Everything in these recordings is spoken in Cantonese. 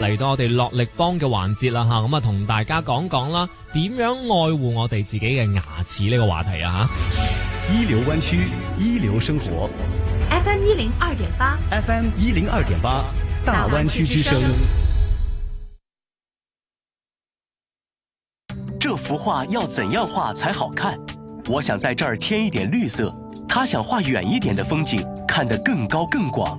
來到我哋落力幫嘅環節啦吓，咁啊同、嗯、大家講講啦，點樣愛護我哋自己嘅牙齒呢，這個話題啊吓。醫療灣區，醫療生活。F M 一零二點八。F M 一零二點八，大灣區之聲。這幅畫要怎樣畫才好看？我想在這兒添一點綠色。他想畫遠一點的風景，看得更高更廣。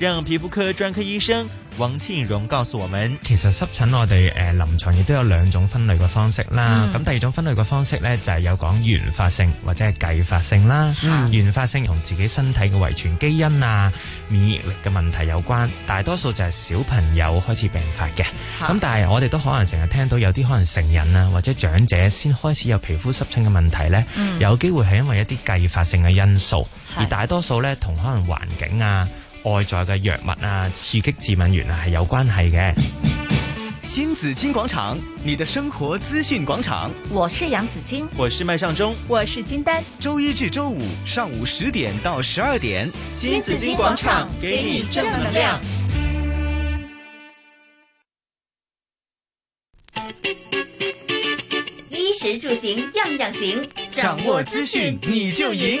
讓皮膚科專科醫生王慶榮告訴我們，其實濕疹我哋誒，臨床亦都有兩種分類嘅方式啦。咁、嗯、第二種分類嘅方式咧，就係、是、有講原發性或者係繼發性啦。嗯、原發性同自己身體嘅遺傳基因啊、免疫力嘅問題有關，大多數就係小朋友開始病發嘅。咁、嗯、但係我哋都可能成日聽到有啲可能成人啊或者長者先開始有皮膚濕疹嘅問題咧、嗯，有機會係因為一啲繼發性嘅因素，而大多數咧同可能環境啊。外在嘅藥物啊，刺激致敏原啊，係有關係嘅。新紫荊廣場，你的生活資訊廣場。我是楊紫荊，我是麥尚中，我是金丹。周一至周五上午十點到十二點，新紫荊廣場，給你正能量。衣食住行樣樣行，掌握資訊你就贏。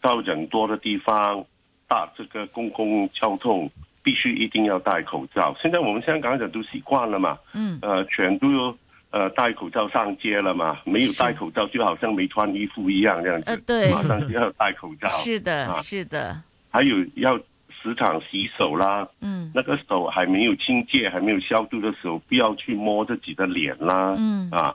到人多的地方搭這個公共交通，必須一定要戴口罩。現在我們香港人都習慣了嘛，嗯，呃，全都呃，戴口罩上街了嘛，沒有戴口罩就好像沒穿衣服一樣，這樣子、呃。對，馬上就要戴口罩。是的，是的、啊。還有要時常洗手啦，嗯，那個手還沒有清潔、還沒有消毒的時候，不要去摸自己的臉啦，嗯，啊。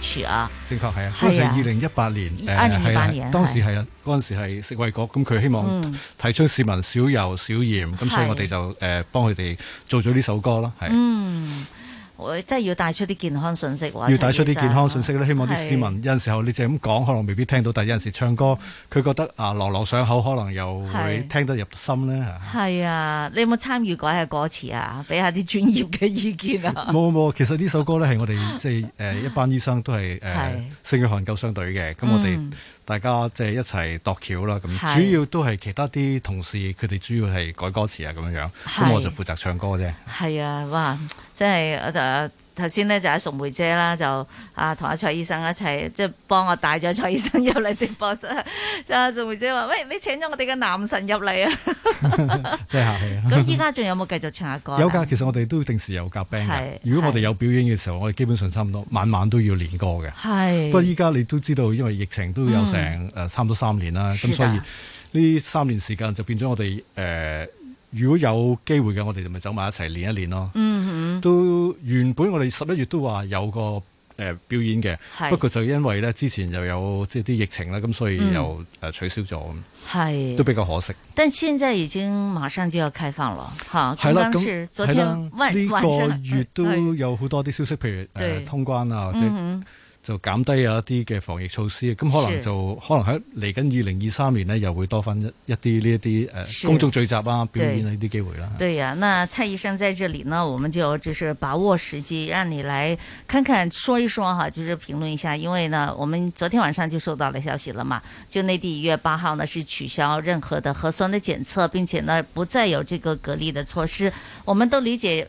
正確係啊，加上二零一八年，誒，係啦，當時係、呃、啊，嗰陣時係、啊啊、食衛局，咁佢希望提出市民少油少鹽，咁、嗯、所以我哋就誒幫佢哋做咗呢首歌咯，係、啊。是啊嗯我真係要帶出啲健康信息、啊，要帶出啲健康信息咧。希望啲市民有陣時候你就咁講，可能未必聽到；但有陣時唱歌，佢覺得啊朗朗上口，可能又會聽得入心咧嚇。係啊！你有冇參與改下歌詞啊？俾下啲專業嘅意見啊！冇冇，其實呢首歌咧係我哋 即係、呃、一班醫生都係誒聖約翰救傷隊嘅，咁我哋。嗯大家即係一齊度橋啦，咁主要都係其他啲同事佢哋主要係改歌詞啊，咁樣樣，咁我就負責唱歌啫。係啊，哇！即係誒。啊頭先咧就阿淑梅姐啦，就啊同阿、啊、蔡醫生一齊，即係幫我帶咗蔡醫生入嚟直播室。就阿淑梅姐話，喂，你請咗我哋嘅男神入嚟啊！即 係 客氣。咁依家仲有冇繼續唱下歌？有噶，其實我哋都定時有夾 band 嘅。如果我哋有表演嘅時候，我哋基本上差唔多晚晚都要練歌嘅。係。不過依家你都知道，因為疫情都有成誒、嗯、差唔多三年啦，咁所以呢三年時間就變咗我哋誒。呃如果有機會嘅，我哋就咪走埋一齊練一練咯。嗯嗯，都原本我哋十一月都話有個誒、呃、表演嘅，不過就因為咧之前又有即係啲疫情啦，咁所以又誒、嗯呃、取消咗。係，都比較可惜。但係現在已經馬上就要開放啦，嚇！係啦，咁係啦，呢、呢個月都有好多啲消息，嗯、譬如誒、呃、通關啊，或者，嗯就減低有一啲嘅防疫措施，咁可能就可能喺嚟緊二零二三年呢，又會多翻一啲呢一啲誒公眾聚集啊、表演呢啲機會啦。對呀、啊，那蔡醫生，在這裡呢，我們就就是把握時機，讓你來看看、說一說哈，就是評論一下。因為呢，我們昨天晚上就收到了消息了嘛，就內地一月八號呢，是取消任何的核酸的檢測，並且呢，不再有這個隔離的措施。我們都理解。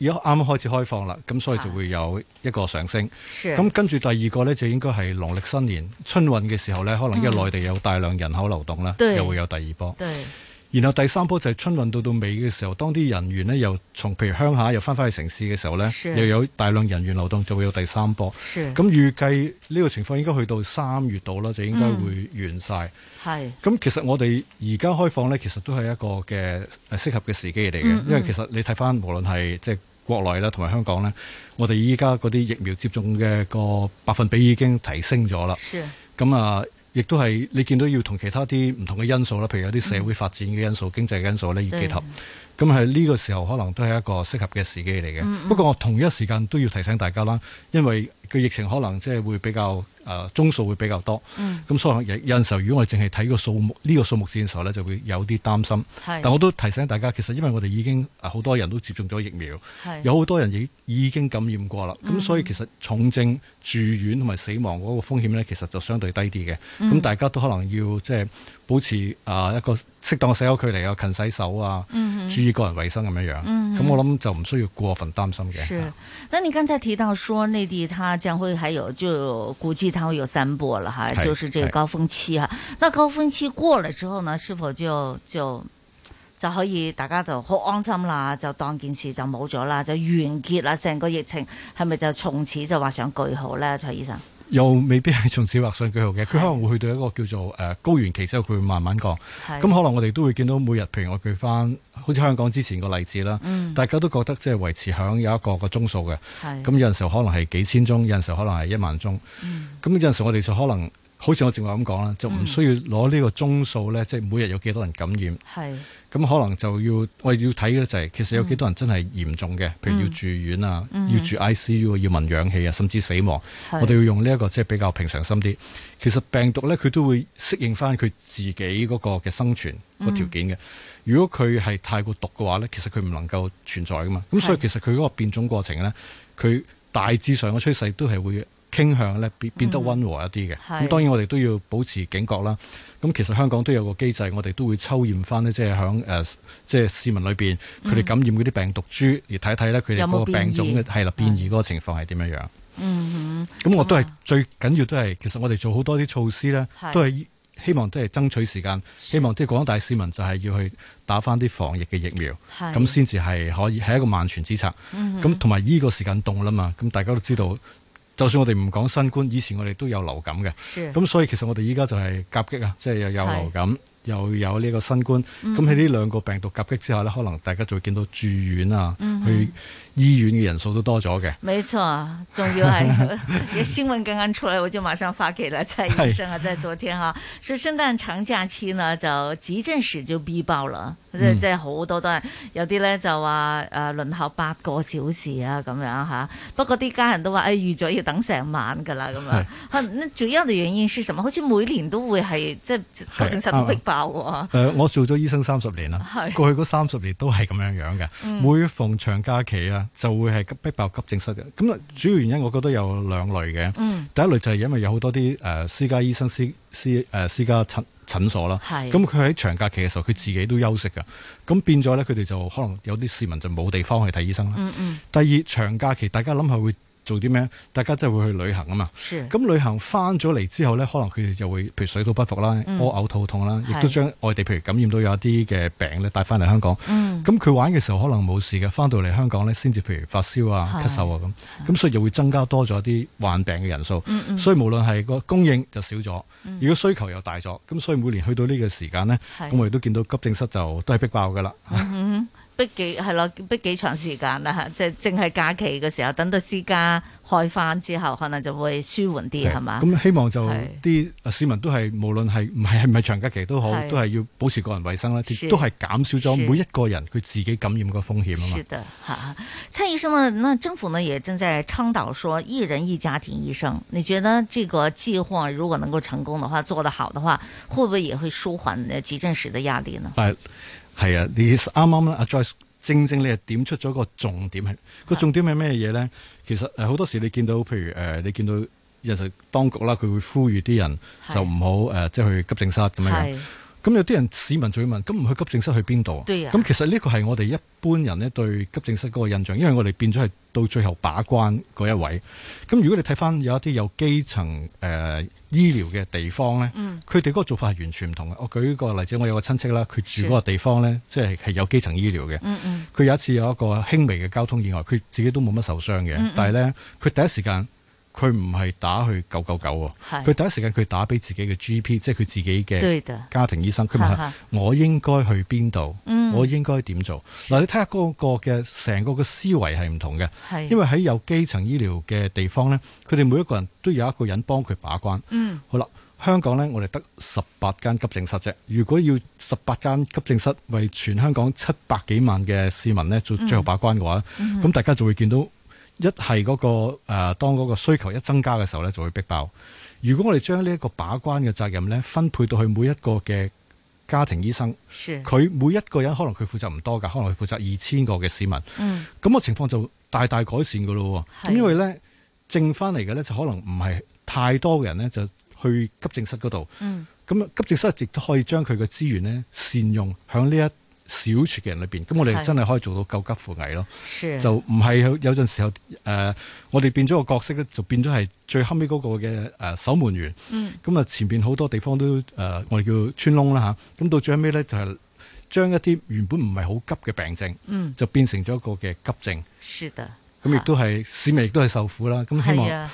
而家啱啱開始開放啦，咁所以就會有一個上升。咁、啊、跟住第二個呢，就應該係農曆新年春運嘅時候呢，可能因為內地有大量人口流動啦、嗯，又會有第二波。對對。然後第三波就係春運到到尾嘅時候，當啲人員呢，又從譬如鄉下又翻返去城市嘅時候呢，又有大量人員流動，就會有第三波。咁預計呢個情況應該去到三月度啦，就應該會完晒。咁、嗯、其實我哋而家開放呢，其實都係一個嘅適合嘅時機嚟嘅，因為其實你睇翻無論係即係國內啦，同埋香港呢，我哋依家嗰啲疫苗接種嘅個百分比已經提升咗啦。咁啊。亦都係你見到要同其他啲唔同嘅因素啦，譬如有啲社會發展嘅因素、經濟嘅因素咧，要結合。咁係呢個時候，可能都係一個適合嘅時機嚟嘅。不過我同一時間都要提醒大家啦，因為個疫情可能即係會比較誒宗數會比較多。咁、嗯嗯、所以有有陣時候，如果我哋淨係睇個數目呢、這個數目線嘅時候咧，就會有啲擔心。但我都提醒大家，其實因為我哋已經好、呃、多人都接種咗疫苗，有好多人已已經感染過啦。咁、嗯嗯、所以其實重症住院同埋死亡嗰個風險咧，其實就相對低啲嘅。咁、嗯嗯、大家都可能要即係。就是保持啊、呃、一個適當嘅社交距離啊，勤洗手啊，mm -hmm. 注意個人衛生咁樣樣，咁、mm -hmm. 我諗就唔需要過分擔心嘅。是，那你剛才提到說內地，他將會還有就估計他會有三波了哈，就是這個高峰期哈。那高峰期過了之後呢，是否就就就，就可以大家就好安心啦，就當件事就冇咗啦，就完結啦，成個疫情係咪就從此就畫上句號咧？蔡醫生？又未必係從此畫上句號嘅，佢可能會去到一個叫做、呃、高原期之後，佢會慢慢降。咁可能我哋都會見到每日譬如我舉翻，好似香港之前個例子啦、嗯，大家都覺得即係維持喺有一個個宗數嘅。咁有時候可能係幾千宗，有時候可能係一萬宗。咁、嗯、有陣時我哋就可能。好似我正話咁講啦，就唔需要攞呢個鐘數咧，即、嗯、係、就是、每日有幾多人感染。係咁可能就要我哋、哎、要睇嘅就係，其實有幾多人真係嚴重嘅，譬如要住院啊，嗯嗯、要住 ICU，要聞氧氣啊，甚至死亡。我哋要用呢、這、一個即係、就是、比較平常心啲。其實病毒咧，佢都會適應翻佢自己嗰個嘅生存個條件嘅、嗯。如果佢係太過毒嘅話咧，其實佢唔能夠存在噶嘛。咁所以其實佢嗰個變種過程咧，佢大致上嘅趨勢都係會。傾向咧變變得溫和一啲嘅，咁、嗯、當然我哋都要保持警覺啦。咁其實香港都有個機制，我哋都會抽驗翻呢即係響誒，即係、呃、市民裏邊佢哋感染嗰啲病毒株，而睇一睇咧佢哋嗰個病種嘅係啦變異嗰個情況係點樣樣。嗯咁我都係、嗯、最緊要都係，其實我哋做好多啲措施咧，都係希望都係爭取時間，希望即係廣大市民就係要去打翻啲防疫嘅疫苗，咁先至係可以係一個萬全之策。咁同埋依個時間凍啦嘛，咁大家都知道。就算我哋唔講新冠，以前我哋都有流感嘅，咁所以其實我哋依家就係夾擊啊，即係又有流感。又有呢個新冠，咁喺呢兩個病毒夾擊之下呢、嗯、可能大家就見到住院啊，嗯、去醫院嘅人數都多咗嘅。沒錯，仲要係個新聞剛剛出嚟， 我就馬上發給了蔡、就是、醫生啊！在昨天啊，所以聖誕長假期呢，就急症室就逼爆啦，即係好多都係有啲咧就話誒、呃、輪候八個小時啊咁樣嚇、啊。不過啲家人都話誒預咗要等成晚㗎啦咁樣、啊、主要嘅原因是什麼？好似每年都會係即係急症室都爆、呃、我做咗醫生三十年啦，過去嗰三十年都係咁樣樣嘅。每逢長假期啊，就會係逼爆急症室嘅。咁主要原因，我覺得有兩類嘅。第一類就係因為有好多啲誒私家醫生私、私私誒私家診診所啦。咁佢喺長假期嘅時候，佢自己都休息噶。咁變咗咧，佢哋就可能有啲市民就冇地方去睇醫生啦。第二，長假期，大家諗下會做啲咩？大家真係會去旅行啊嘛。咁旅行翻咗嚟之後呢，可能佢哋就會譬如水土不服啦，屙、嗯、嘔、肚痛啦，亦都將外地譬如感染到有一啲嘅病咧帶翻嚟香港。咁、嗯、佢玩嘅時候可能冇事嘅，翻到嚟香港呢，先至譬如發燒啊、咳嗽啊咁。咁所以又會增加多咗啲患病嘅人數，嗯嗯。所以無論係個供應就少咗、嗯，如果需求又大咗，咁所以每年去到呢個時間呢，咁我哋都見到急症室就都係逼爆㗎啦。嗯嗯嗯。逼幾係咯？逼幾長時間啦？吓，即係淨係假期嘅時候，等到私家開翻之後，可能就會舒緩啲，係嘛？咁、嗯、希望就啲市民都係，無論係唔係係唔係長假期都好，都係要保持個人衛生啦，都係減少咗每一個人佢自己感染個風險啊嘛。是的，哈，蔡醫生呢？那政府呢也正在倡導說一人一家庭醫生，你覺得這個計劃如果能夠成功的話，做得好的話，會不會也會舒緩急症室的壓力呢？係。係啊，你啱啱咧，阿、啊、Joyce 正正你係點出咗個重點，係個重點係咩嘢咧？其實誒好、呃、多時你見到譬如誒、呃、你見到日實當局啦，佢會呼籲啲人就唔好誒即係去急症室咁樣。咁有啲人市民就會問：咁唔去急症室去邊度啊？咁其實呢個係我哋一般人呢對急症室嗰個印象，因為我哋變咗係到最後把關嗰一位。咁如果你睇返有一啲有基層誒、呃、醫療嘅地方呢，佢哋嗰個做法係完全唔同嘅。我舉一個例子，我有個親戚啦，佢住嗰個地方呢，即、就、係、是、有基層醫療嘅。佢、嗯嗯、有一次有一個輕微嘅交通意外，佢自己都冇乜受傷嘅、嗯嗯，但係呢，佢第一時間。佢唔係打去九九九喎，佢第一時間佢打俾自己嘅 GP，即係佢自己嘅家庭醫生。佢問我應該去邊度？我應該點、嗯、做？嗱，你睇下嗰個嘅成個嘅思維係唔同嘅。因為喺有基層醫療嘅地方呢，佢哋每一個人都有一個人幫佢把關。嗯、好啦，香港呢，我哋得十八間急症室啫。如果要十八間急症室為全香港七百幾萬嘅市民呢做最後把關嘅話，咁、嗯嗯、大家就會見到。一係嗰個誒，當嗰個需求一增加嘅時候咧，就會逼爆。如果我哋將呢一個把關嘅責任咧，分配到去每一個嘅家庭醫生，佢每一個人可能佢負責唔多噶，可能佢負責二千個嘅市民。嗯，咁個情況就大大改善噶咯。咁因為咧，剩翻嚟嘅咧就可能唔係太多嘅人咧，就去急症室嗰度。嗯，咁急症室亦都可以將佢嘅資源咧善用響呢一。小串嘅人裏邊，咁我哋真係可以做到救急扶危咯。是就唔係有有陣時候，誒、呃，我哋變咗個角色咧，就變咗係最後尾嗰個嘅誒、呃、守門員。咁、嗯、啊，前邊好多地方都誒、呃，我哋叫穿窿啦嚇。咁、啊、到最後尾呢，就係、是、將一啲原本唔係好急嘅病症，就變成咗一個嘅急症。嗯，是的。咁亦都係市民亦都係受苦啦。咁、嗯、希望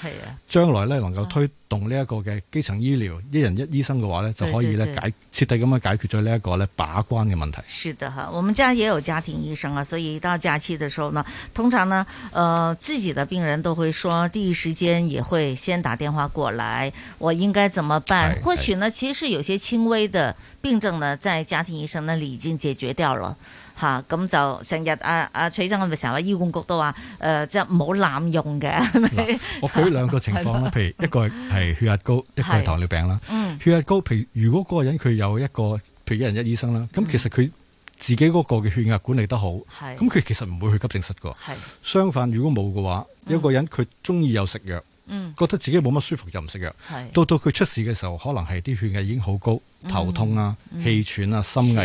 將來呢能夠推動呢一個嘅基層醫療、啊、一人一醫生嘅話呢對對對，就可以呢解徹底咁樣解決咗呢一個呢把關嘅問題。是的哈，我們家也有家庭醫生啊，所以一到假期的時候呢，通常呢，呃，自己的病人都會說第一時間也會先打電話過來，我應該怎麼辦？或許呢，其實是有些輕微的病症呢，在家庭醫生那裏已經解決掉了。吓、啊、咁就成日阿阿蔡醫生咪成日醫管局都話誒，即係唔好濫用嘅、 啊。我舉兩個情況啦，譬如一個係血壓高， 一個係糖尿病啦。血壓高，譬如如果嗰個人佢有一個，譬如一人一醫生啦，咁、嗯、其實佢自己嗰個嘅血壓管理得好，咁佢其實唔會去急症室噶。相反，如果冇嘅話、嗯，一個人佢中意有食藥。嗯，覺得自己冇乜舒服就唔食藥，到到佢出事嘅時候，可能係啲血壓已經好高，頭痛啊、嗯、氣喘啊、嗯、心悸，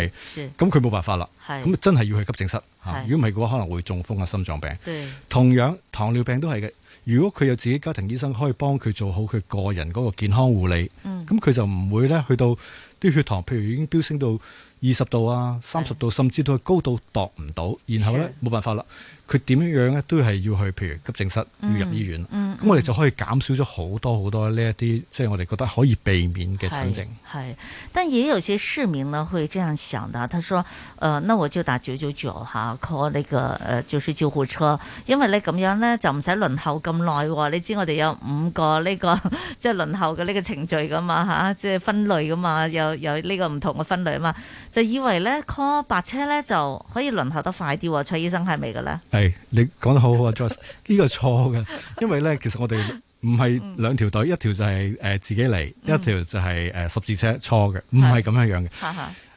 咁佢冇辦法啦，咁真係要去急症室。如果唔係嘅話，可能會中風啊、心臟病。同樣糖尿病都係嘅，如果佢有自己家庭醫生，可以幫佢做好佢個人嗰個健康護理，咁、嗯、佢就唔會咧去到啲血糖，譬如已經飆升到二十度啊、三十度，甚至都係高到度唔到，然後呢冇辦法啦。佢點樣樣咧，都係要去，譬如急症室要入醫院。嗯，咁、嗯、我哋就可以減少咗好多好多呢一啲，即係我哋覺得可以避免嘅診症。係，但也有些市民呢會這樣想的，佢話：誒、呃，那我就打九九九嚇 call 呢個誒，就是、這個、救護車，因為咧咁樣咧就唔使輪候咁耐、哦。你知我哋有五個呢、這個即係、就是、輪候嘅呢個程序噶嘛嚇，即、啊、係、就是、分類噶嘛，有有呢個唔同嘅分類啊嘛，就以為咧 call 白車咧就可以輪候得快啲、哦。蔡醫生係咪嘅咧？係你講得好好啊，Joyce，呢 個錯嘅，因為咧，其實我哋唔係兩條隊，一條就係誒自己嚟，一條就係、是、誒、呃嗯就是呃、十字車，錯嘅，唔係咁樣樣嘅。誒、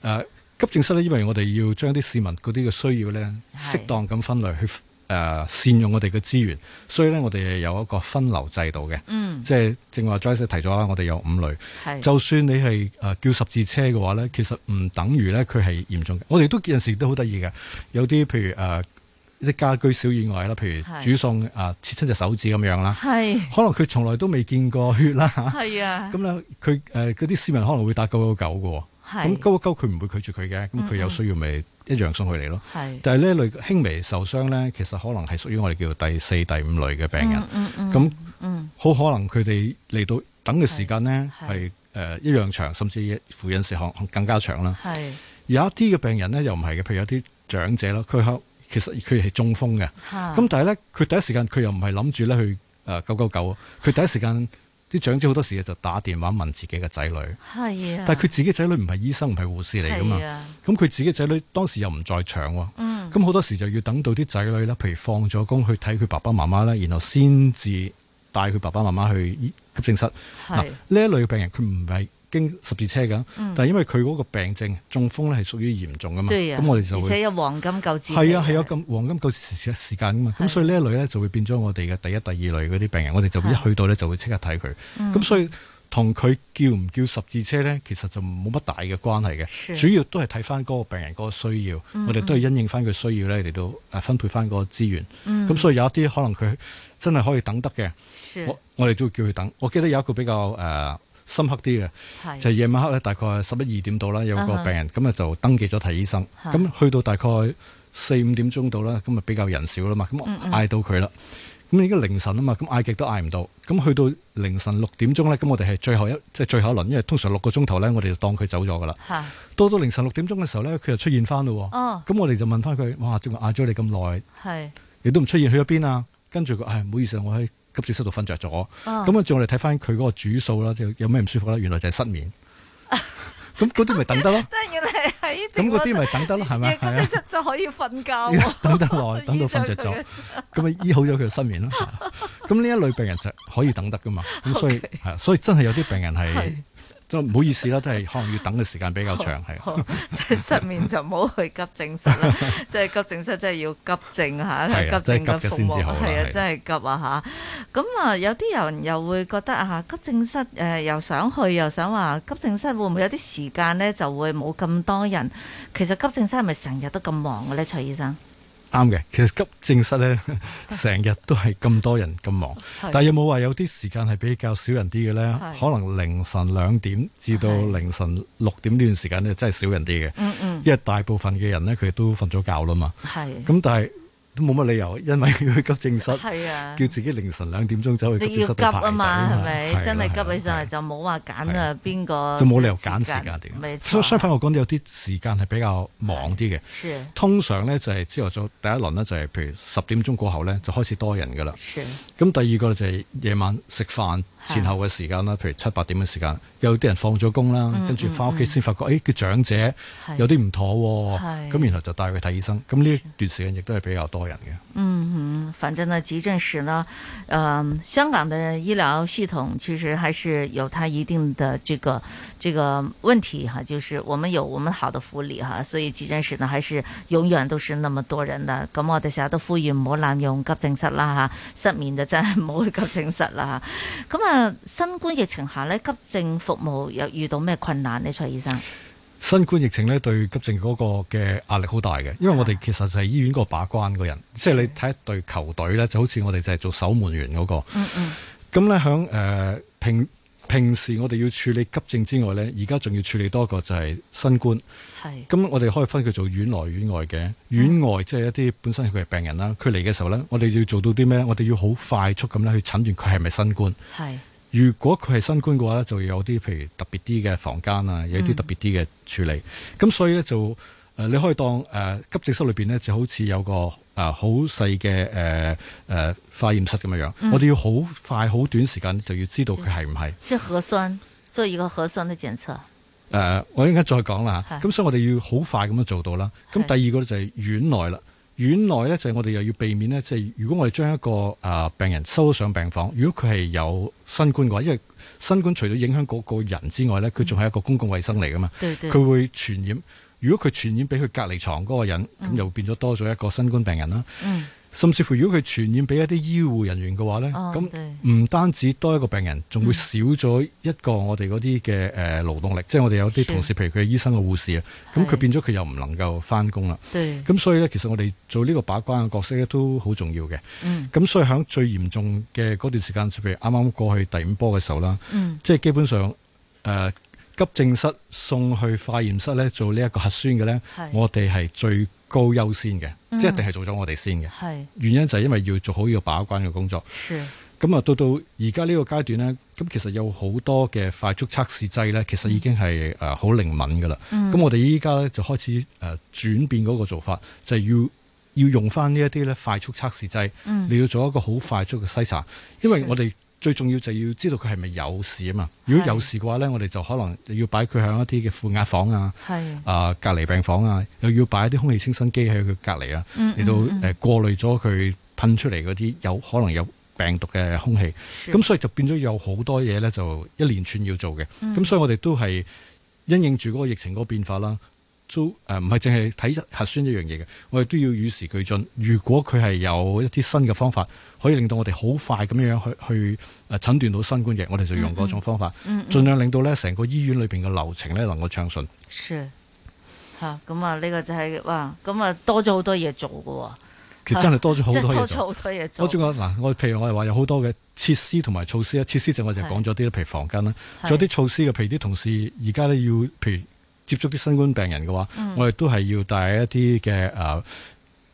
呃，急症室咧，因為我哋要將啲市民嗰啲嘅需要咧，適當咁分類去誒、呃、善用我哋嘅資源，所以咧，我哋有一個分流制度嘅、嗯。即係正話，Joyce 提咗啦，我哋有五類。就算你係誒、呃、叫十字車嘅話咧，其實唔等於咧佢係嚴重嘅。我哋都陣時都好得意嘅，有啲譬如誒。呃家居小意外啦，譬如煮餸啊、呃，切親隻手指咁樣啦，可能佢從來都未見過血啦嚇，咁咧佢誒嗰啲市民可能會打九九九嘅，咁救一救佢唔會拒絕佢嘅，咁、嗯、佢、嗯、有需要咪一樣送佢嚟咯。是但係呢類輕微受傷咧，其實可能係屬於我哋叫做第四、第五類嘅病人，咁、嗯、好、嗯嗯、可能佢哋嚟到等嘅時間呢，係誒、呃、一樣長，甚至乎引時更加長啦。有一啲嘅病人呢，又唔係嘅，譬如有啲長者咯，佢其實佢係中風嘅，咁但係咧，佢第一時間佢又唔係諗住咧去誒九九九。佢第一時間啲長者好多時就打電話問自己嘅仔女，係呀，但係佢自己仔女唔係醫生，唔係護士嚟㗎嘛。咁佢自己仔女當時又唔在場，咁好多時就要等到啲仔女咧，譬如放咗工去睇佢爸爸媽媽咧，然後先至帶佢爸爸媽媽去急症室嗱。呢一類嘅病人佢唔係經十字車噶，但係因為佢嗰個病症中風咧係屬於嚴重噶嘛，咁、啊、我哋就會而且有黃金救治係啊，係有金黃金救治時間噶嘛，咁所以呢一類咧就會變咗我哋嘅第一、第二類嗰啲病人，我哋就會一去到咧就會即刻睇佢，咁所以同佢叫唔叫十字車咧，其實就冇乜大嘅關係嘅，主要都係睇翻嗰個病人嗰個需要，嗯、我哋都係因應翻佢需要咧嚟到誒分配翻嗰個資源，咁、嗯、所以有一啲可能佢真係可以等得嘅，我我哋都會叫佢等。我記得有一個比較誒。呃深刻啲嘅，就夜、是、晚黑咧，大概十一二點到啦，有個病人咁啊，uh -huh. 就登記咗睇醫生。咁、uh -huh. 去到大概四五點鐘到啦，咁啊比較人少啦嘛，咁嗌到佢啦。咁而家凌晨啊嘛，咁嗌極都嗌唔到。咁去到凌晨六點鐘咧，咁我哋係最後一即係、就是、最後一輪，因為通常六個鐘頭咧，我哋就當佢走咗噶啦。到、uh -huh. 到凌晨六點鐘嘅時候咧，佢又出現翻咯。哦，咁我哋就問翻佢：哇，正話嗌咗你咁耐，你、uh -huh. 都唔出現去咗邊啊？跟住佢：唉、哎，唔好意思，我喺……」急症室度瞓着咗，咁、嗯、啊，再我哋睇翻佢嗰個主數啦，有有咩唔舒服咧？原來就係失眠，咁嗰啲咪等得咯。即係原嚟喺咁嗰啲咪等得咯，係咪？係啊， 那那就可以瞓、啊啊啊啊、覺，等得耐，等到瞓着咗，咁咪醫，醫好咗佢嘅失眠咯。咁 呢一類病人就可以等得噶嘛。咁 所以係，所以真係有啲病人係。即唔好意思啦，都係可能要等嘅時間比較長，係 。即係失眠就唔、是、好去急症室啦，即 係急症室真係要急症吓， 急症先至、啊就是、好。係啊，啊，真係急啊吓。咁啊，有啲人又會覺得啊，急症室誒、呃、又想去，又想話急症室會唔會有啲時間咧，就會冇咁多人？其實急症室係咪成日都咁忙嘅咧，蔡醫生？啱嘅，其實急症室咧成日都係咁多人咁忙，但係有冇話有啲時間係比較少人啲嘅咧？可能凌晨兩點至到凌晨六點呢段時間咧，真係少人啲嘅。嗯嗯，因為大部分嘅人咧，佢都瞓咗覺啦嘛。係。咁但係。都冇乜理由，因為佢去急症室、啊，叫自己凌晨兩點鐘走去急症室排隊嘛，係咪、啊？真係急起上嚟就冇話揀啊！邊個、啊啊啊啊啊啊啊啊啊、就冇理由揀時間點。相反，我講有啲時間係比較忙啲嘅、啊啊。通常咧就係朝頭早第一輪咧就係、是、譬如十點鐘過後咧就開始多人㗎啦。咁、啊、第二個就係夜晚食飯前後嘅時間啦，譬如七八點嘅時間，有啲人放咗工啦，跟住翻屋企先發覺，誒、嗯，個、嗯哎、長者有啲唔妥、哦，咁然後就帶佢睇醫生。咁呢段時間亦都係比較多人嘅、嗯。嗯，反正呢，急症室呢，誒、呃，香港嘅醫療系統其實還是有佢一定的這個這個問題哈，就是我們有我們好的福利哈，所以急診室呢，還是永遠都是那麼多人啦。咁、嗯嗯、我哋成日都呼籲唔好濫用急症室啦，吓，失眠就真係唔好去急症室啦，咁啊。誒，新冠疫情下咧，急症服務又遇到咩困難咧？蔡醫生，新冠疫情咧對急症嗰個嘅壓力好大嘅，因為我哋其實就係醫院嗰個把關個人，的即係你睇一隊球隊咧，就好似我哋就係做守門員嗰個，嗯嗯，咁咧響誒平。平時我哋要處理急症之外呢，而家仲要處理多一個就係新冠。係咁，我哋可以分佢做院內院外嘅、嗯、院外，即係一啲本身佢係病人啦。佢嚟嘅時候呢，我哋要做到啲咩？我哋要好快速咁咧去診斷佢係咪新冠。係如果佢係新冠嘅話呢，就要有啲譬如特別啲嘅房間啊，有啲特別啲嘅處理。咁、嗯、所以呢，就你可以當、呃、急症室裏面呢，就好似有個，啊，好細嘅誒誒化驗室咁樣樣，嗯、我哋要好快好短時間就要知道佢係唔係？即係核酸做一個核酸嘅檢測。誒、呃嗯，我應該再講啦吓，咁所以我哋要好快咁樣做到啦。咁第二個咧就係院內啦，院內咧就係、是、我哋又要避免咧，即、就、係、是、如果我哋將一個誒、呃、病人收咗上病房，如果佢係有新冠嘅話，因為新冠除咗影響嗰個人之外咧，佢仲係一個公共衛生嚟㗎嘛，佢、嗯、會傳染。如果佢傳染俾佢隔離床嗰個人，咁、嗯、又變咗多咗一個新冠病人啦。嗯，甚至乎如果佢傳染俾一啲醫護人員嘅話咧，咁、哦、唔單止多一個病人，仲、嗯、會少咗一個我哋嗰啲嘅誒勞動力，嗯、即係我哋有啲同事，譬如佢係醫生個護士啊，咁佢變咗佢又唔能夠翻工啦。對，咁所以咧，其實我哋做呢個把關嘅角色咧，都好重要嘅。嗯，咁所以喺最嚴重嘅嗰段時間，譬如啱啱過去第五波嘅時候啦、嗯，即係基本上誒。呃急症室送去化驗室咧，做呢一個核酸嘅咧，我哋係最高優先嘅、嗯，即係一定係做咗我哋先嘅。原因就係因為要做好呢個把關嘅工作。咁啊，到到而家呢個階段咧，咁其實有好多嘅快速測試劑咧，其實已經係誒好靈敏噶啦。咁、嗯、我哋依家咧就開始誒轉變嗰個做法，就係、是、要要用翻呢一啲咧快速測試劑，你、嗯、要做一個好快速嘅篩查，因為我哋。最重要就要知道佢係咪有事啊嘛？如果有事嘅話咧，我哋就可能要擺佢喺一啲嘅負壓房啊，啊隔離病房啊，又要擺一啲空氣清新機喺佢隔離啊，嚟、嗯嗯嗯、到誒過濾咗佢噴出嚟嗰啲有可能有病毒嘅空氣。咁所以就變咗有好多嘢咧，就一連串要做嘅。咁、嗯、所以我哋都係因應住嗰個疫情嗰個變化啦，都唔係淨係睇核酸一樣嘢嘅，我哋都要與時俱進。如果佢係有一啲新嘅方法，可以令到我哋好快咁樣樣去去誒診斷到新冠疫，我哋就用嗰種方法，盡、嗯嗯嗯、量令到咧成個醫院裏邊嘅流程咧能夠暢順。是咁啊！呢、這個就係、是、哇咁啊，多咗好多嘢做嘅喎。其實真係多咗好多好、啊就是、多嘢做。我覺得嗱，我譬如我哋話有好多嘅設施同埋措施啊，設施就我就講咗啲譬如房間啦，仲有啲措施嘅，譬如啲同事而家咧要譬如。接觸啲新冠病人嘅話，嗯、我哋都係要帶一啲嘅誒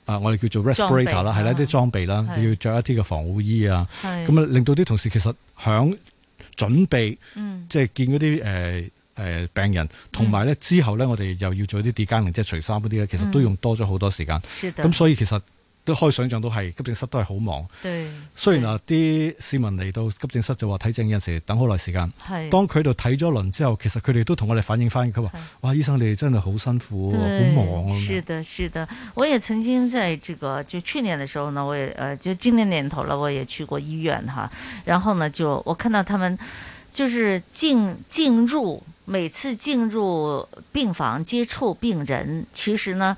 啊！我哋叫做 respirator 啦，係啦，啲裝備啦，要着一啲嘅防護衣啊。咁啊，令到啲同事其實響準備，即、嗯、係、就是、見嗰啲誒誒病人，同埋咧之後咧，我哋又要做啲 d i s 即係除衫嗰啲咧，其實都用多咗好多時間。咁、嗯、所以其實。都可以想象都係急症室都係好忙對。雖然啊，啲市民嚟到急症室就話睇症有陣時等好耐時間。當佢度睇咗輪之後，其實佢哋都同我哋反映翻佢話：，哇，醫生你哋真係好辛苦，好忙。是的，是的，我也曾經在這個就去年的時候呢，我也，呃，就今年年頭了，我也去過醫院哈。然後呢，就我看到他們就是進進入每次進入病房接觸病人，其實呢。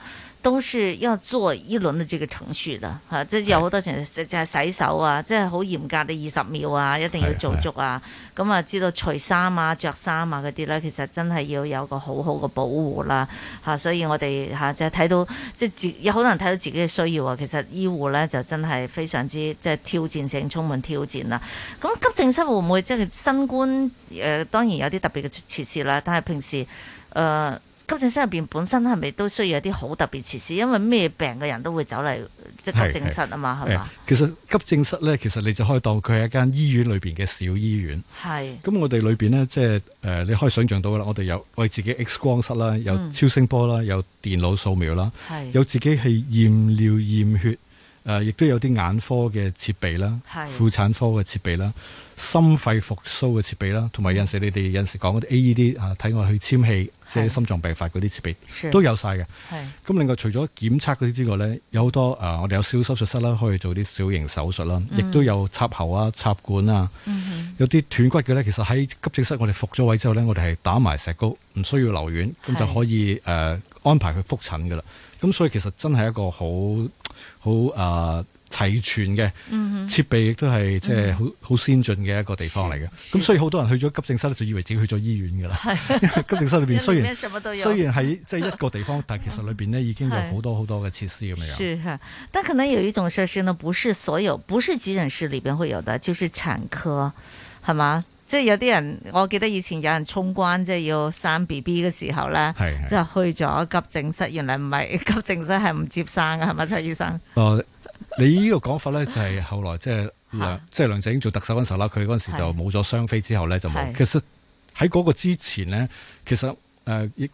都係要做一輪呢個程序啦，嚇、啊！即係有好多程序，就係洗手啊，即係好嚴格嘅二十秒啊，一定要做足啊。咁啊、嗯，知道除衫啊、着衫啊嗰啲呢，其實真係要有個好好嘅保護啦，嚇、啊！所以我哋嚇就係睇到即係自有好多人睇到自己嘅需要啊。其實醫護呢，就真係非常之即係挑戰性，充滿挑戰啦、啊。咁急症室會唔會即係新冠？誒、呃、當然有啲特別嘅設施啦，但係平時誒。呃急症室入邊本身係咪都需要一啲好特別設施？因為咩病嘅人都會走嚟即係急症室啊嘛，係嘛？其實急症室咧，其實你就可以當佢係一間醫院裏邊嘅小醫院。係。咁我哋裏邊呢，即係誒，你可以想象到噶啦，我哋有為自己 X 光室啦，有超聲波啦，嗯、有電腦掃描啦，有自己係驗尿驗血，誒、呃，亦都有啲眼科嘅設備啦，婦產科嘅設備啦。心肺復蘇嘅設備啦，同埋有陣時你哋有陣時講嗰啲 AED 啊，體外去顫器，即係心臟病發嗰啲設備都有晒嘅。咁另外除咗檢測嗰啲之外呢，有好多誒、呃，我哋有小手術室啦，可以做啲小型手術啦，亦都有插喉啊、插管啊。嗯、有啲斷骨嘅呢，其實喺急症室我哋復咗位之後呢，我哋係打埋石膏，唔需要留院，咁就可以誒、呃、安排佢覆診㗎啦。咁所以其實真係一個好好誒，齊全嘅設備亦都係即係好好先進嘅一個地方嚟嘅，咁、嗯、所以好多人去咗急症室咧，就以為自己去咗醫院噶啦。急症室裏邊雖然 乜都有雖然係即係一個地方， 但其實裏邊呢已經有好多好多嘅設施咁樣。但可能有一種設施呢，不是所有，不是急診室裏邊會有的，就是產科，係嘛？即係有啲人，我記得以前有人衝關，即係要生 B B 嘅時候呢，即係去咗急症室，原嚟唔係急症室係唔接生嘅，係嘛，蔡醫生？哦。你呢個講法咧，就係後來 即係梁，即係梁振英做特首嗰陣時啦。佢嗰陣時就冇咗雙飛之後咧，就冇。其實喺嗰個之前咧，其實嗰、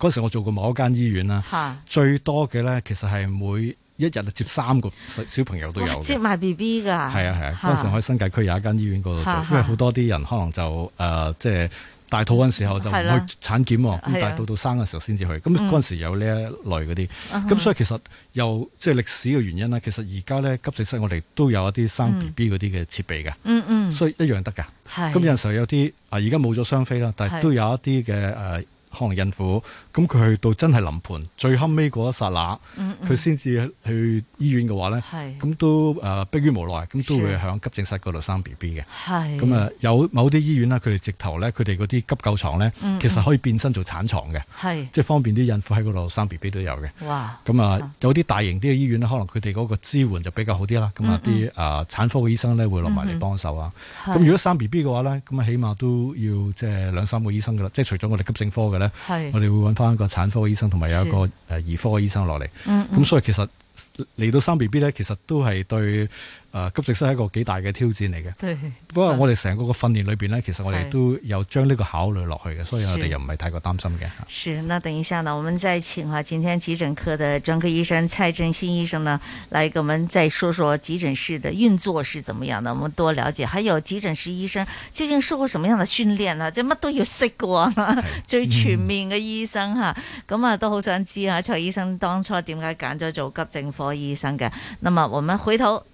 呃、時我做過某一間醫院啦，最多嘅咧其實係每一日接三個小朋友都有，接埋 B B 噶。係啊係啊，嗰、啊、時我喺新界區有一間醫院嗰度做、啊啊，因為好多啲人可能就、呃、即係。大肚嗰陣時候就唔去產檢喎，咁、嗯啊啊啊、大肚到生嘅時候先至去，咁嗰陣時有呢一類嗰啲，咁、嗯、所以其實又即係歷史嘅原因啦。其實而家咧急症室我哋都有一啲生 B B 嗰啲嘅設備嘅，嗯嗯，嗯，所以一樣得㗎。咁有陣時候有啲啊，而家冇咗雙飛啦，但係都有一啲嘅誒。可能孕婦咁佢去到真係臨盆最後尾嗰一剎那，佢先至去醫院嘅話咧，咁都誒迫於無奈，咁都會響急症室嗰度生 B B 嘅。咁啊，有某啲醫院呢，佢哋直頭咧，佢哋嗰啲急救床咧，其實可以變身做產床嘅，即、嗯嗯係、方便啲孕婦喺嗰度生 B B 都有嘅。咁啊，有啲大型啲嘅醫院呢，可能佢哋嗰個支援就比較好啲啦。咁、嗯、啊，啲、嗯呃、產科嘅醫生咧會落埋嚟幫手啊。咁、嗯嗯、如果生 B B 嘅話咧，咁啊起碼都要即係兩三個醫生噶啦，即、係、除咗我哋急症科嘅.係，我哋會揾翻一個產科嘅醫生，同埋有一個誒兒科嘅醫生落嚟。嗯，嗯，咁所以其實嚟到生 B B 咧，其實都係對。誒、啊，急症室係一個幾大嘅挑戰嚟嘅。對，不過我哋成個個訓練裏邊咧，其實我哋都有將呢個考慮落去嘅，所以我哋又唔係太過擔心嘅。是，那等一下呢，我們再請啊，今天急診科的專科醫生蔡振興醫生呢，來給我們再說說急診室的運作是怎麼樣的，的我們多了解。還有急診室醫生究竟受過什麼樣的訓練呢、啊？即係乜都要識過、啊， 最全面嘅醫生吓、啊。咁、嗯、啊，都好想知吓、啊，蔡醫生當初點解揀咗做急症科醫生嘅？那麼我們回頭。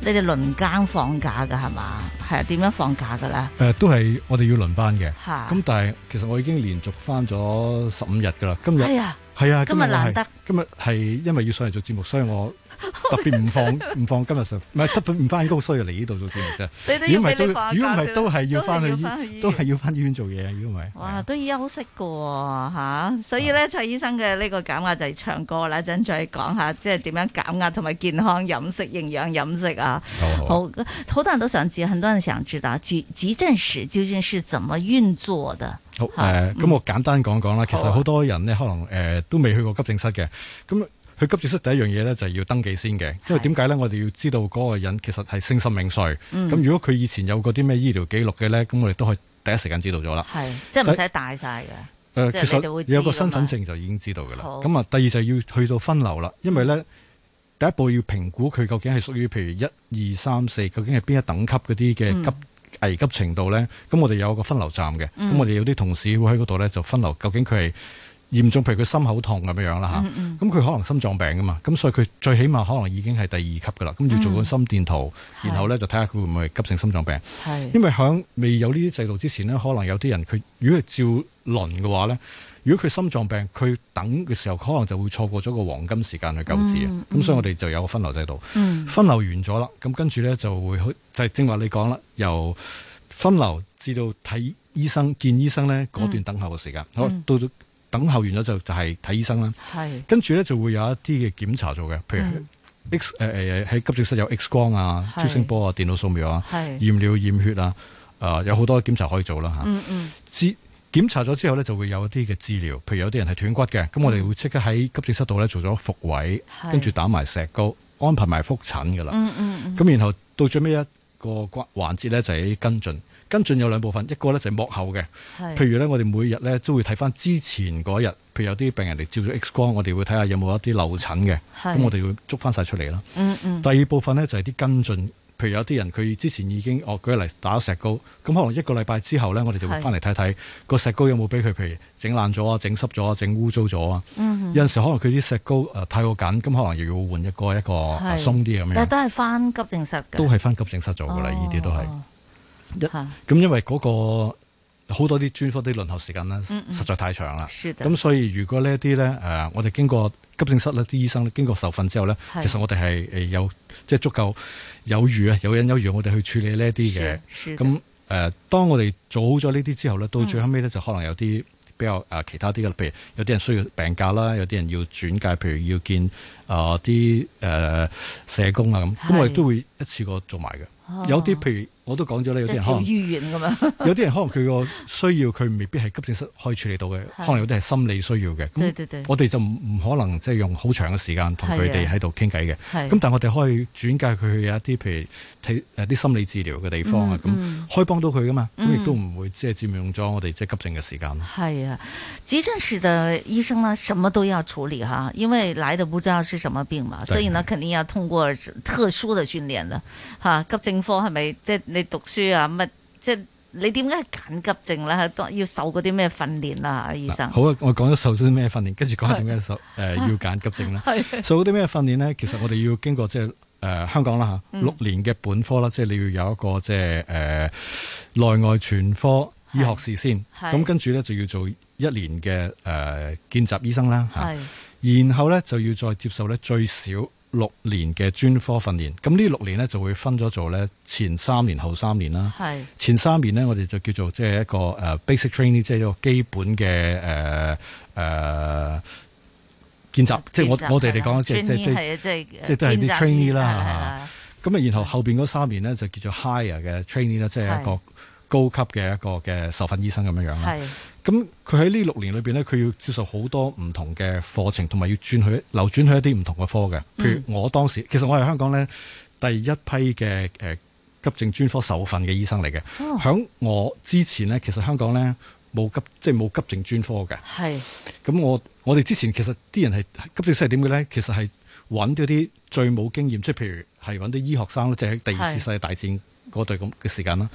你哋輪更放假噶係嘛？係啊，點樣放假噶咧？誒、呃，都係我哋要輪班嘅。嚇、啊！咁但係其實我已經連續返咗十五日噶啦。今日係、哎、啊，今日難得。今日係因為要上嚟做節目，所以我。特別唔放唔 放今日食，唔係特別唔翻工， 所以嚟呢度做嘢啫。如果唔係都，如果唔係要翻去，都係要翻醫院做嘢。如果唔係，哇，都要休息嘅吓、啊啊。所以咧，蔡醫生嘅呢個減壓就係唱歌啦。一陣再講下，即係點樣減壓同埋健康飲食、營養飲食啊。好好、啊、好，好多人都想知，很多人想知道急急症室究竟是怎麼運作的。好，誒、啊，咁、嗯呃、我簡單講講啦。其實好多人呢、啊，可能誒、呃、都未去過急症室嘅。咁。佢急症室第一樣嘢咧就係要登記先嘅，因為點解咧？我哋要知道嗰個人其實係生心命垂，咁、嗯、如果佢以前有嗰啲咩醫療記錄嘅咧，咁我哋都可以第一時間知道咗啦。即係唔使帶晒嘅，即係其實有個身份證就已經知道嘅啦。咁、就、啊、是，第二就要去到分流啦，因為咧第一步要評估佢究竟係屬於譬如一二三四，究竟係邊一等級嗰啲嘅急危急程度咧？咁我哋有個分流站嘅，咁、嗯、我哋有啲同事會喺嗰度咧就分流，究竟佢係嚴重，譬如佢心口痛咁樣樣啦吓，咁佢可能心臟病噶嘛，咁所以佢最起碼可能已經係第二級噶啦，咁要做個心電圖，嗯、然後咧就睇下佢會唔會急性心臟病。係，因為響未有呢啲制度之前呢，可能有啲人佢如果係照輪嘅話咧，如果佢心臟病，佢等嘅時候可能就會錯過咗個黃金時間去救治啊。咁、嗯嗯、所以我哋就有個分流制度。分流完咗啦，咁跟住咧就會好，就係正話你講啦，由分流至到睇醫生、見醫生咧，嗰段等候嘅時間，嗯、好到。等候完咗就就係睇醫生啦，跟住咧就會有一啲嘅檢查做嘅，譬如 X 誒誒喺急症室有 X 光啊、超聲波啊、電腦掃描啊、驗尿驗血啊，呃、有好多檢查可以做啦吓、啊。嗯嗯，檢查咗之後咧就會有一啲嘅治療，譬如有啲人係斷骨嘅，咁、嗯、我哋會即刻喺急症室度咧做咗復位，嗯、跟住打埋石膏，安排埋復診噶啦。嗯嗯咁、嗯、然後到最尾一個骨環節咧就係、是、跟進。跟進有兩部分，一個咧就係幕後嘅，譬如咧我哋每日咧都會睇翻之前嗰日，譬如有啲病人嚟照咗 X 光，我哋會睇下有冇一啲漏診嘅，咁我哋要捉翻晒出嚟啦。第二部分呢就係啲跟進，譬如有啲人佢之前已經哦舉例打石膏，咁可能一個禮拜之後呢，我哋就會翻嚟睇睇個石膏有冇俾佢譬如整爛咗啊、整濕咗啊、整污糟咗啊。有陣時可能佢啲石膏誒太過緊，咁可能又要換一個一個鬆啲咁樣。但都係翻急症室。都係翻急症室做㗎啦，呢啲都係。咁、嗯嗯嗯，因為嗰個好多啲專科啲輪候時間咧實在太長啦。咁、嗯嗯、所以如果這些呢一啲咧，誒、呃，我哋經過急症室咧啲醫生咧經過受訓之後咧，其實我哋係誒有即係、就是、足夠有餘啊，遊刃有餘，我哋去處理呢一啲嘅。咁誒、呃，當我哋做好咗呢啲之後咧，到最後尾咧、嗯、就可能有啲比較誒、呃、其他啲嘅，譬如有啲人需要病假啦，有啲人要轉介，譬如要見誒啲誒社工啊咁，咁我哋都會一次過做埋嘅、哦。有啲譬如。我都講咗咧，有啲人可能 有啲人可能佢個需要佢未必係急症室可以處理到嘅，可能有啲係心理需要嘅。對對對，我哋就唔可能即係、就是、用好長嘅時間同佢哋喺度傾偈嘅。咁、啊、但我哋可以轉介佢去一啲譬如睇啲心理治療嘅地方啊，咁、嗯嗯、可以幫到佢噶嘛。咁亦都唔會即係佔用咗我哋即係急症嘅時間咯。係啊，急症室嘅醫生呢，什麼都要處理嚇，因為來到不知道係什麼病嘛，所以呢肯定要通過特殊嘅訓練啦。嚇、啊，急症科係咪即？你讀書啊，咁啊，即係你點解揀急症咧？當要受嗰啲咩訓練啊，醫生？好啊，我講咗受咗啲咩訓練，跟住講下點解要誒要揀急症咧？ 受嗰啲咩訓練咧？其實我哋要經過即係誒香港啦吓，六年嘅本科啦，嗯、即係你要有一個即係誒內外全科醫學士先。咁跟住咧就要做一年嘅誒、呃、見習醫生啦。係、啊，然後咧就要再接受咧最少。六年嘅專科訓練，咁呢六年咧就會分咗做咧前三年、後三年啦。係前三年咧，我哋就叫做即係一個誒、uh, basic training，即係一個基本嘅誒誒見習，即係我我哋嚟講，即係即係即係都係啲 training 啦。咁啊、就是，然後後邊嗰三年咧就叫做 higher 嘅 training 啦，即係一個高級嘅一個嘅受訓醫生咁樣樣啦。咁佢喺呢六年裏面咧，佢要接受好多唔同嘅課程，同埋要轉去流轉去一啲唔同嘅科嘅。譬如我當時，其實我係香港咧第一批嘅急症專科受訓嘅醫生嚟嘅。喺、哦、我之前咧，其實香港咧冇急即係冇急症專科嘅。咁，我我哋之前其實啲人係急症室係點嘅咧？其實係揾咗啲最冇經驗，即係譬如係揾啲醫學生咯，就係喺、是、第二次世界大戰。嗰對咁嘅時間啦，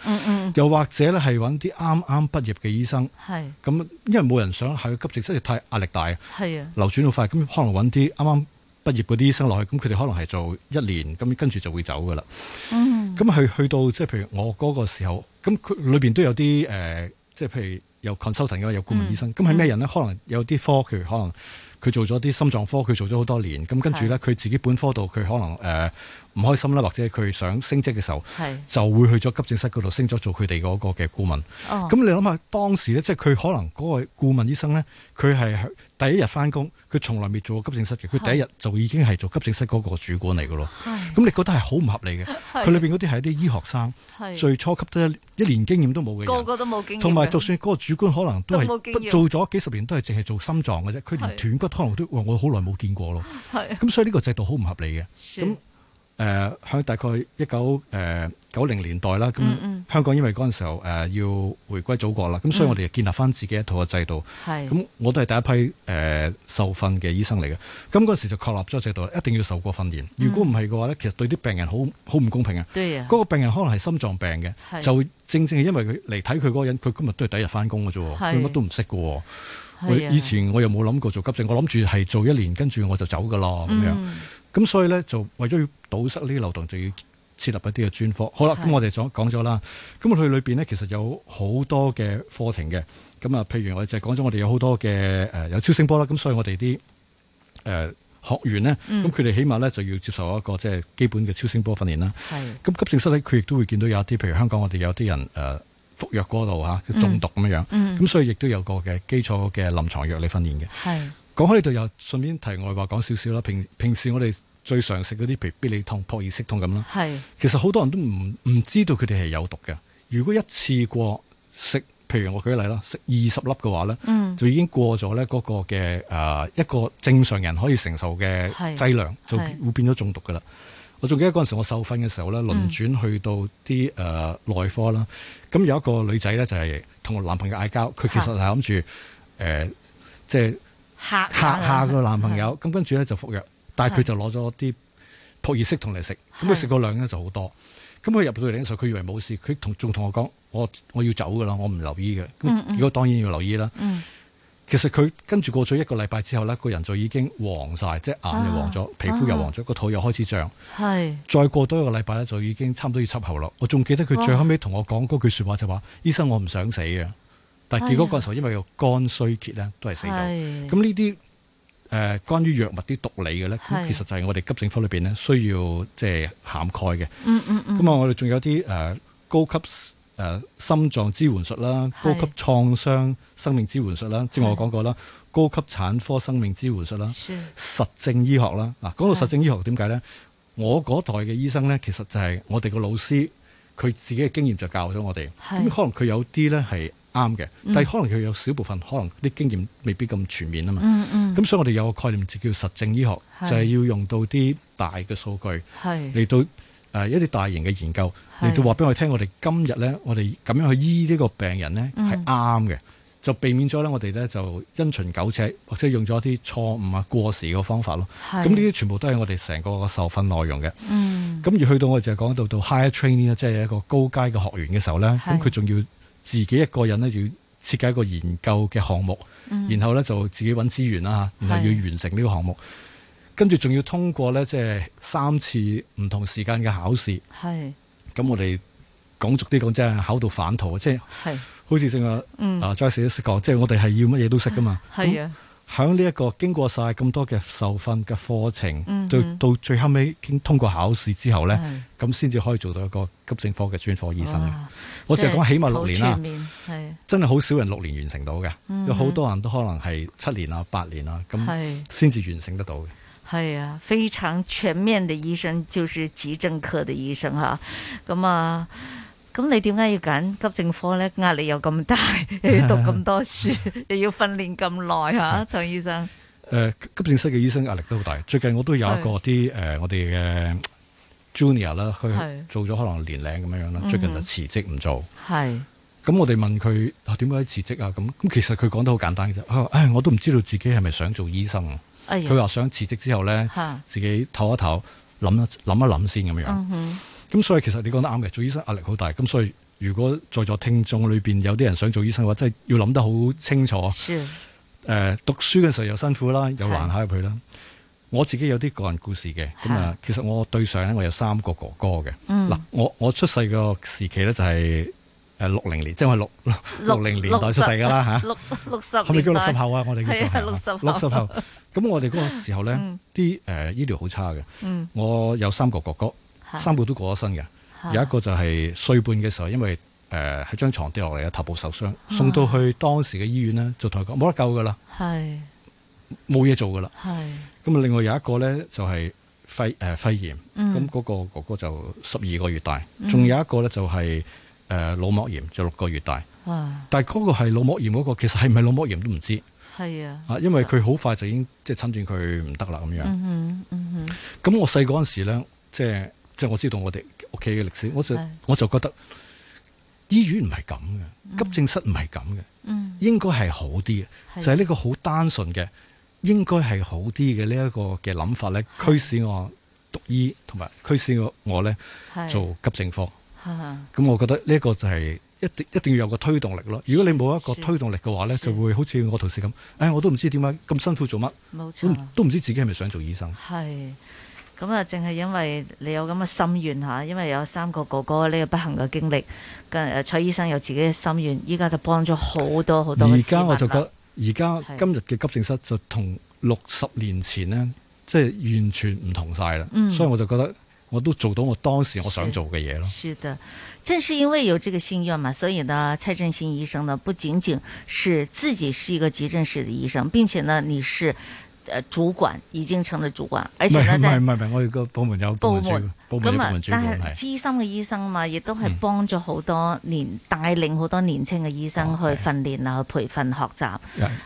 又或者咧係揾啲啱啱畢業嘅醫生，咁、嗯嗯、因為冇人想喺急症室，太壓力大，流轉好快，咁可能揾啲啱啱畢業嗰啲醫生落去，咁佢哋可能係做一年，咁跟住就會走噶啦。咁、嗯、去去到即係譬如我嗰個時候，咁佢裏邊都有啲呃，即係譬如有 consultant 嘅，有顧問醫生。咁係咩人咧？可能有啲科，譬如可能佢做咗啲心臟科，佢做咗好多年，咁跟住咧，佢自己本科度，佢可能、呃唔開心啦，或者佢想升職嘅時候，就會去咗急症室嗰度升咗做佢哋嗰個嘅顧問。哦，咁你諗下當時咧，即係佢可能嗰個顧問醫生咧，佢係第一日翻工，佢從來未做過急症室嘅，佢第一日就已經係做急症室嗰個主管嚟嘅咯。係，咁你覺得係好唔合理嘅？佢裏邊嗰啲係一啲醫學生，最初級都一一年經驗都冇嘅，個個都冇經驗。同埋就算嗰個主管可能都係做咗幾十年都係淨係做心臟嘅啫，佢連斷骨可能都會話我好耐冇見過咯。係，咁所以呢個制度好唔合理嘅。咁誒、呃，喺大概一九誒九零年代啦，咁、嗯嗯、香港因為嗰陣時候誒、呃、要回歸祖國啦，咁、嗯、所以我哋就建立翻自己一套嘅制度。咁、嗯、我都係第一批誒、呃、受訓嘅醫生嚟嘅。咁嗰時候就確立咗制度，一定要受過訓練。嗯、如果唔係嘅話咧，其實對啲病人好好唔公平啊。嗰、那個病人可能係心臟病嘅，就正正係因為佢嚟睇佢嗰個人，佢今日都係第一日翻工嘅啫，佢乜都唔識嘅。喎、啊。以前我又冇諗過做急症，我諗住係做一年，跟住我就走㗎咯。咁、嗯咁所以咧，就為咗要堵塞呢啲漏洞，就要設立一啲嘅專科。好啦，咁我哋所講咗啦。咁佢裏面呢，其實有好多嘅課程嘅。咁啊，譬如我哋就講咗，我哋有好多嘅、呃、有超聲波啦。咁所以我哋啲、呃、學員呢，咁佢哋起碼咧就要接受一個即係基本嘅超聲波訓練啦。咁急症室咧，佢亦都會見到有一啲，譬如香港我哋有啲人、呃、服藥過度、啊、中毒咁樣咁、嗯、所以亦都有個嘅基礎嘅臨床藥理訓練嘅。講開呢度又順便題外話講少少啦。平平時我哋最常食嗰啲譬如必理痛撲熱息痛咁啦。係其實好多人都唔唔知道佢哋係有毒嘅。如果一次過食，譬如我舉例啦，食二十粒嘅話咧、嗯，就已經過咗咧嗰個嘅誒、呃、一個正常人可以承受嘅劑量，就會變咗中毒噶啦。我仲記得嗰陣時候我受訓嘅時候咧，輪、嗯、轉去到啲誒內科啦。咁有一個女仔咧就係同我男朋友嗌交，佢其實係諗住誒即係。嚇吓個男朋友，咁是跟住咧就服藥，但係佢就攞咗啲撲熱息痛嚟食，咁佢食個量咧就好多，咁佢入到嚟嘅時候，佢以為冇事，佢同仲同我講，我我要走噶啦，我唔留醫嘅，咁結果當然要留醫啦。嗯嗯、其實佢跟住過咗一個禮拜之後咧，個人就已經黃晒，即係眼黃、啊、又黃咗，皮膚又黃咗，個肚又開始脹，係是再過多一個禮拜咧，就已經差唔多要插喉咯。我仲記得佢最後尾同我講嗰句說話就話，醫生，我唔想死嘅。但係結果嗰陣時候，因為個肝衰竭咧，都係死咗。咁呢啲誒，關於藥物啲毒理嘅咧，是是其實就係我哋急症科裏邊咧，需要即係涵蓋嘅。嗯嗯嗯。咁啊，我哋仲有啲誒高級誒心臟支援術啦，高級創傷生命支援術啦，即係我講過啦，是是高級產科生命支援術啦，實證醫學啦。嗱，講到實證醫學點解咧？我嗰代嘅醫生咧，其實就係我哋個老師佢自己嘅經驗就教咗我哋。咁可能佢有啲咧係。啱嘅，但可能佢有少部分，嗯、可能啲經驗未必咁全面啊嘛。咁、嗯嗯、所以我哋有個概念就叫實證醫學，就係、是、要用到啲大嘅數據嚟到一啲大型嘅研究嚟到話俾我哋聽，我哋今日咧，我哋咁樣去醫呢個病人咧係啱嘅，就避免咗咧我哋咧就因循苟且或者用咗啲錯誤啊過時嘅方法咯。咁呢啲全部都係我哋成個嘅受訓內容嘅。咁、嗯、而去到我哋就係講到到 higher training 即係一個高階嘅學員嘅時候咧，咁佢仲要。自己一個人咧要設計一個研究嘅項目，然後咧就自己揾資源啦，然後要完成呢個項目，跟住仲要通過咧即係三次唔同時間嘅考試。係，咁我哋講俗啲講，即係考到反途啊，是像也說嗯、即係好似正話啊 Jasper 都識講，即係我哋係要乜嘢都識噶嘛。係啊。喺呢一個經過晒咁多嘅受訓嘅課程，到、嗯、到最後尾經通過考試之後咧，咁先至可以做到一個急症科嘅專科醫生。我成日講起碼六年啦，真係好少人六年完成到嘅、嗯，有好多人都可能係七年啊、八年啊，咁先至完成得到嘅。係啊，非常全面嘅醫生就是急症科嘅醫生吓，咁啊。咁你點解要揀急症科咧？壓力又咁大，又要讀咁多書，啊、又要訓練咁耐吓，蔡、啊啊、醫生。誒、呃，急症室嘅醫生壓力都好大。最近我都有一個啲誒、呃，我哋嘅 junior 啦，佢做咗可能年齡咁樣樣啦，最近就辭職唔做。係。咁我哋問佢，點解辭職啊？咁咁、啊、其實佢講得好簡單嘅啫、啊哎。我都唔知道自己係咪想做醫生。佢話、哎、想辭職之後咧，自己唞一唞，諗一諗一諗先咁樣。嗯咁所以其實你講得啱嘅，做醫生壓力好大。咁所以如果在座聽眾裏邊有啲人想做醫生嘅話，真、就、係、是、要諗得好清楚。係誒、呃，讀書嘅時候又辛苦啦，又橫下入去啦。我自己有啲個人故事嘅。咁啊，其實我對上咧，我有三個哥哥嘅。嗱、嗯，我我出世個時期咧就係誒六零年，即係六六六零年代出世噶啦吓。六十，啊、六,六十年代。係啊，六十、啊。六十後。咁 我哋嗰個時候咧，啲、嗯、誒、呃、醫療好差嘅、嗯。我有三個哥哥。三個都過咗身嘅，有一個就係歲半嘅時候，因為誒喺張床跌落嚟啊，頭部受傷，送到去當時嘅醫院咧就同佢講，冇得救噶啦，係冇嘢做噶啦。係咁啊，另外有一個咧就係肺誒、呃、肺炎，咁、嗯、嗰個哥哥就十二個月大，仲有一個咧就係誒腦膜炎，就六個月大。嗯、但係嗰個係腦膜炎嗰、嗰個，其實係唔係腦膜炎都唔知。係啊，啊，因為佢好快就已經即係診斷佢唔得啦咁樣。咁、嗯嗯、我細個嗰時咧，即係。即係我知道我哋屋企嘅歷史，我就我就覺得醫院唔係咁嘅，急症室唔係咁嘅，應該係好啲嘅。就係、是、呢個好單純嘅，應該係好啲嘅呢一個嘅諗法咧，驅使我讀醫，同埋驅使我我咧做急症科。咁我覺得呢一個就係一定一定要有個推動力咯。如果你冇一個推動力嘅話咧，就會好似我同事咁，唉、哎，我都唔知點解咁辛苦做乜，都都唔知自己係咪想做醫生。咁啊，正係因為你有咁嘅心願吓，因為有三個哥哥呢個不幸嘅經歷，跟蔡醫生有自己嘅心願，依家就幫咗好多好多市民。而家我就覺得，而家今日嘅急症室就同六十年前呢，即係完全唔同晒啦，嗯。所以我就覺得，我都做到我當時我想做嘅嘢咯。是的，正是因為有這個心願嘛，所以呢，蔡振興醫生呢，不僅僅是自己是一個急症室的醫生，並且呢，你是。誒，主管已經成為主管，而且呢，就係唔係唔係，我哋個部門有部門主咁啊，但係資深嘅醫生啊嘛，亦、嗯、都係幫咗好多年帶領好多年輕嘅醫生去訓練啊，去培訓學習，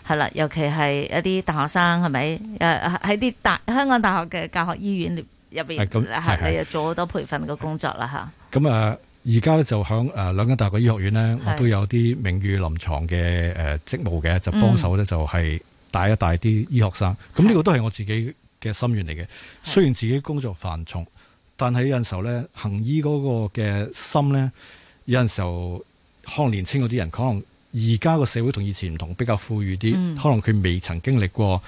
係啦，尤其係一啲大學生係咪？誒喺啲大香港大學嘅教學醫院入邊係咁係係，做好多培訓嘅工作啦吓。咁、嗯、啊，而家咧就響誒兩間大學嘅醫學院呢，我都有啲名譽臨床嘅誒職務嘅，就幫手咧就係、嗯。大一大啲醫學生，咁呢個都係我自己嘅心願嚟嘅。雖然自己工作繁重，但係有陣時候咧，行醫嗰個嘅心咧，有陣時候可能年輕嗰啲人，可能而家個社會同以前唔同，比較富裕啲，嗯、可能佢未曾經歷過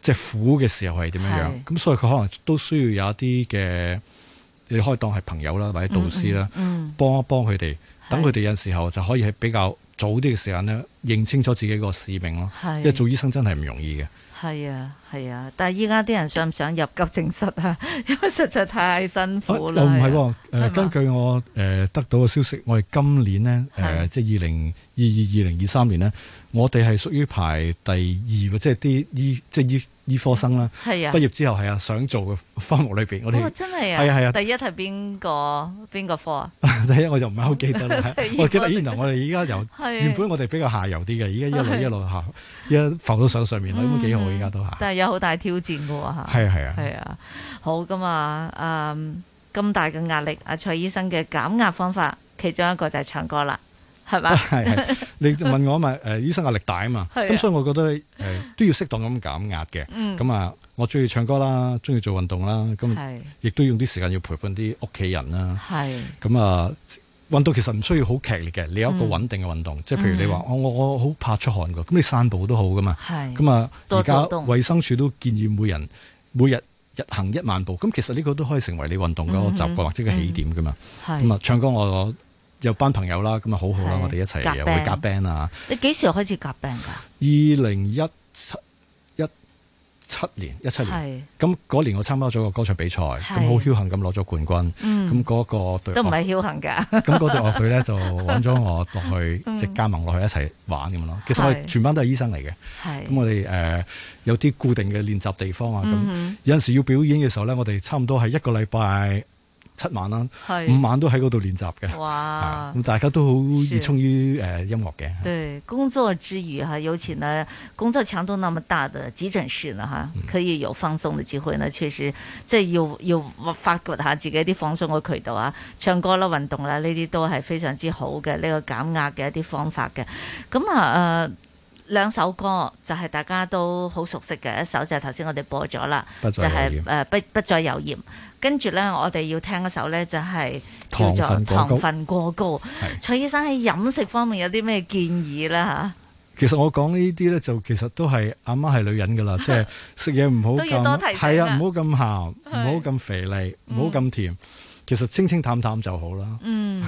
即係、就是、苦嘅時候係點樣樣，咁所以佢可能都需要有一啲嘅，你可以當係朋友啦，或者導師啦，嗯嗯嗯幫一幫佢哋，等佢哋有陣時候就可以係比較早啲嘅時間咧。認清楚自己個使命咯、啊，因為做醫生真係唔容易嘅。係啊，係啊，但係依家啲人想唔想入急症室啊？因為實在太辛苦啦。又唔係喎，根據我誒、呃、得到嘅消息，我哋今年呢，誒、啊呃，即係二零二二二零二三年呢，我哋係屬於排第二嘅，即係啲醫，即係醫醫科生啦。係啊，畢業之後係啊，想做嘅科目裏邊，我哋、哦、真係啊，係啊，係啊。第一係邊個邊個科啊？ 第一我就唔係好記得啦。 我記得原來我哋依家由 係原本我哋比較下有啲嘅，而家一路一路吓，一、okay. 浮到手上面咁、嗯、幾好，而家都吓。但係有好大挑戰噶吓。係啊係啊。係啊，啊，好噶嘛，嗯，咁大嘅壓力，阿蔡醫生嘅減壓方法，其中一個就係唱歌啦，係嘛。係你問我咪，嘛，誒，醫生壓力大啊嘛，咁、啊、所以我覺得誒、呃、都要適當咁減壓嘅。咁、嗯、啊，我中意唱歌啦，中意做運動啦，咁，係。亦都用啲時間要陪伴啲屋企人啦。係。咁啊。運動其實唔需要好劇烈嘅，你有一個穩定嘅運動，即、嗯、係譬如你話我我我好怕出汗㗎，咁你散步都好噶嘛。係。咁啊，而家衞生署都建議每人每日日行一萬步，咁其實呢個都可以成為你運動嗰個習慣、嗯、或者個起點噶嘛。係。咁啊，唱歌我，我有班朋友啦，咁啊好好啦，我哋一齊又會夾 band 啊。你幾時開始夾 band 㗎？二零一七。七年一七年，咁嗰年，年我參加咗個歌唱比賽，咁好僥幸咁攞咗冠軍。咁、嗯、嗰、那個隊都唔係僥幸㗎。咁、那、嗰、個、隊樂隊咧 就揾咗我落去即加盟落去一齊玩咁樣咯。其實我哋全班都係醫生嚟嘅。咁我哋誒、呃、有啲固定嘅練習地方啊。咁、嗯、有陣時要表演嘅時候咧，我哋差唔多係一個禮拜七晚啦，五晚都喺嗰度練習嘅。哇！咁大家都好熱衷於誒音樂嘅。對，工作之餘吓，有前啊，工作強度那麼大嘅急診室咧吓，可以有放鬆嘅機會咧，確實即係要要發掘一下自己啲放鬆嘅渠道啊，唱歌啦、運動啦呢啲都係非常之好嘅呢個減壓嘅一啲方法嘅。咁啊誒兩首歌就係大家都好熟悉嘅，一首就係頭先我哋播咗啦，就係誒不不再有鹽。呃跟住咧，我哋要聽一首咧，就係叫做糖分過高。蔡醫生喺飲食方面有啲咩建議啦？吓，其實我講呢啲咧，就其實都係阿媽係女人噶啦，即係食嘢唔好咁係啊，唔好咁鹹，唔好咁肥膩，唔好咁甜。嗯其實清清淡淡就好啦。嗯，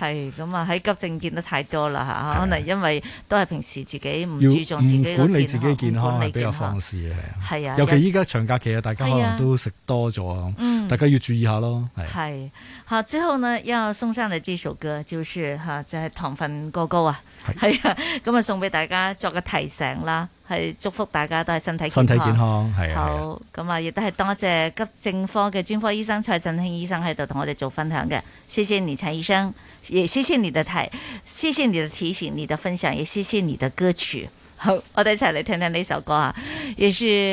係咁啊，喺急症見得太多啦，吓、啊，可能因為都係平時自己唔注重自己的健康管理，自己健康啊，比較放肆嘅。係啊，尤其依家長假期啊，大家可能都食多咗，啊，大家要注意一下咯。係，啊、吓、啊、之後呢，要送上嚟呢首歌，就是吓、啊、就係、是、糖分過高啊。係啊，咁啊，啊送俾大家作個提醒啦。係祝福大家都係身體健康，身體健康係好。咁啊，亦都係多謝急症科嘅專科醫生蔡振興醫生喺度同我哋做分享嘅。謝謝你，蔡醫生，也謝謝你的提，謝謝你的提醒，你的分享，也謝謝你的歌曲。好，我哋一齊嚟聽聽呢首歌啊，也是。